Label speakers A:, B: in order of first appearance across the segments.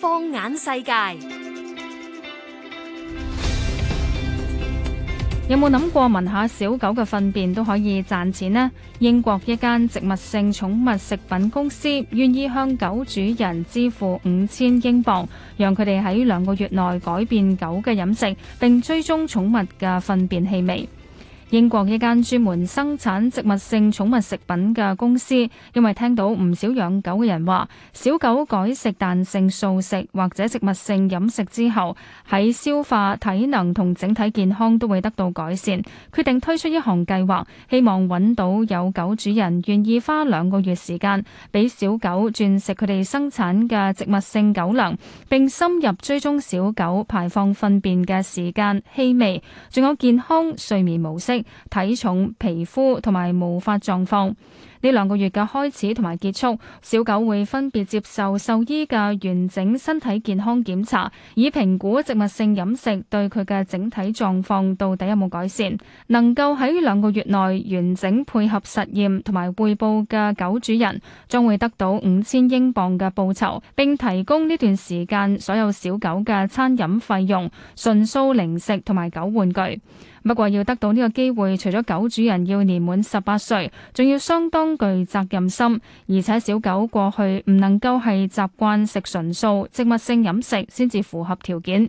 A: 放眼世界，有冇諗過聞下小狗嘅糞便都可以賺錢呢？英國一間植物性寵物食品公司願意向狗主人支付五千英鎊，讓佢哋喺兩個月內改變狗嘅飲食，並追蹤寵物嘅糞便氣味。英國一間專門生產植物性寵物食品嘅公司，因為聽到唔少養狗嘅人話，小狗改食彈性素食或者植物性飲食之後，喺消化、體能同整體健康都會得到改善，決定推出一項計劃，希望揾到有狗主人願意花兩個月時間，俾小狗轉食佢哋生產嘅植物性狗糧，並深入追蹤小狗排放糞便嘅時間、氣味，仲有健康睡眠模式、體重、皮膚同埋毛髮狀況。呢兩個月嘅開始同埋結束，小狗會分別接受獸醫嘅完整身體健康檢查，以評估植物性飲食對佢嘅整體狀況到底有冇改善。能夠喺兩個月內完整配合實驗同埋匯報嘅狗主人，將會得到五千英鎊嘅報酬，並提供呢段時間所有小狗嘅餐飲費用、純素零食同埋狗玩具。不過要得到呢個機會，除咗狗主人要年滿十八歲，仲要相當具責任心，而且小狗過去唔能夠係習慣食純素植物性飲食，先至符合條件。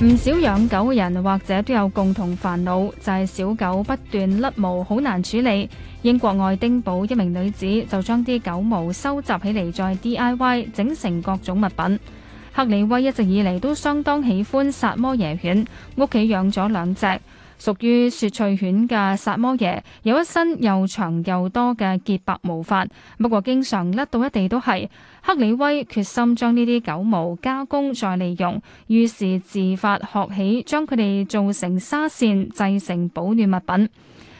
A: 唔少養狗嘅人或者都有共同煩惱，就係、是、小狗不斷甩毛，好難處理。英國愛丁堡一名女子就將啲狗毛收集起嚟，再 DIY 整成各種物品。克里威一直以嚟都相當喜歡薩摩耶犬，屋企養咗兩隻。屬於雪橇犬嘅薩摩耶有一身又長又多嘅潔白毛髮，不過經常甩到一地都係。克里威決心將呢啲狗毛加工再利用，於是自發學起將佢哋做成紗線，製成保暖物品。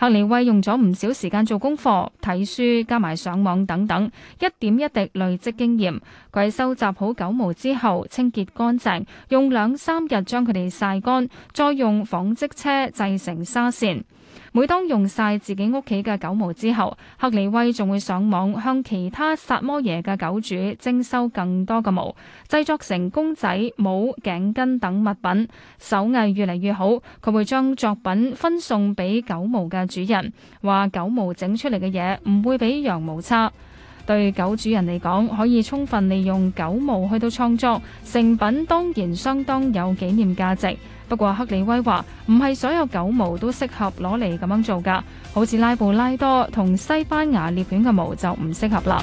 A: 克尼衛用咗唔少時間做功課、睇書、加埋上，上網等等，一點一滴累積經驗。佢收集好狗毛之後，清潔乾淨，用兩三日將佢哋曬乾，再用紡織車製成紗線。每當用晒自己屋企嘅狗毛之後，克里威仲會上網向其他薩摩耶嘅狗主徵收更多嘅毛，製作成公仔、帽、頸巾等物品。手藝越嚟越好，佢會將作品分送俾狗毛嘅主人，話狗毛整出嚟嘅嘢唔會比羊毛差。對狗主人嚟講，可以充分利用狗毛去到創作，成品當然相當有紀念價值。不過，克里威話唔係所有狗毛都適合攞嚟咁樣做㗎，好似拉布拉多同西班牙獵犬嘅毛就唔適合啦。